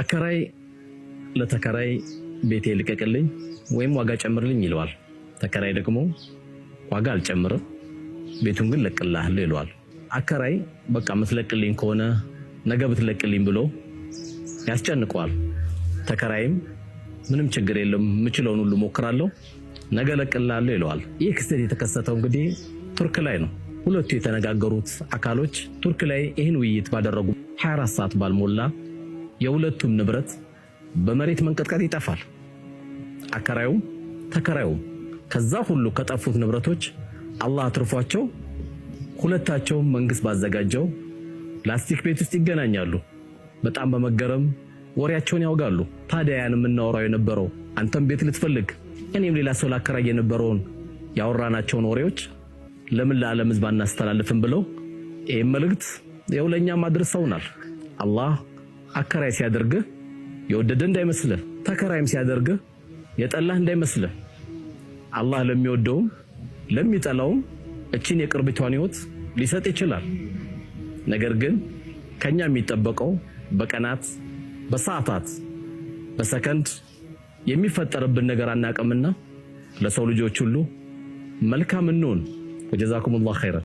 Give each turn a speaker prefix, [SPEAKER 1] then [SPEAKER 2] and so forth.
[SPEAKER 1] አከራይ ለተከራይ ቤቴ ልቀቅልኝ ወይም ዋጋ ጨምርልኝ ይለዋል። ተከራይ ደግሞ ዋጋ አልጨምርም፣ ቤቱን ግን ለቅልሃለሁ ይለዋል። አከራይ በቃ ምትለቅልኝ ከሆነ ነገ ብትለቅልኝ ብሎ ያስጨንቀዋል። ተከራይም ምንም ችግር የለም የምችለውን ሁሉ ሞክራለሁ፣ ነገ ለቅልሃለሁ ይለዋል። ይህ ክስተት የተከሰተው እንግዲህ ቱርክ ላይ ነው። ሁለቱ የተነጋገሩት አካሎች ቱርክ ላይ ይህን ውይይት ባደረጉ 24 ሰዓት ባልሞላ የሁለቱም ንብረት በመሬት መንቀጥቀጥ ይጠፋል። አከራዩም ተከራዩም ከዛ ሁሉ ከጠፉት ንብረቶች አላህ አትርፏቸው ሁለታቸውም መንግስት ባዘጋጀው ላስቲክ ቤት ውስጥ ይገናኛሉ። በጣም በመገረም ወሬያቸውን ያውጋሉ። ታዲያ ያን የምናወራው የነበረው አንተም ቤት ልትፈልግ እኔም ሌላ ሰው ላከራይ የነበረውን ያወራናቸውን ወሬዎች ለምን ለዓለም ህዝብ አናስተላልፍም ብለው ይህም መልእክት የውለኛ ማድረሰውናል አላህ አከራይ ሲያደርግህ የወደደ እንዳይመስልህ፣ ተከራይም ሲያደርግህ የጠላህ እንዳይመስልህ። አላህ ለሚወደውም ለሚጠላውም እችን የቅርቢቷን ህይወት ሊሰጥ ይችላል። ነገር ግን ከኛ የሚጠበቀው በቀናት በሰዓታት በሰከንድ የሚፈጠርብን ነገር አናቅምና ለሰው ልጆች ሁሉ መልካም እንሆን። ወጀዛኩም ላሁ ኸይረን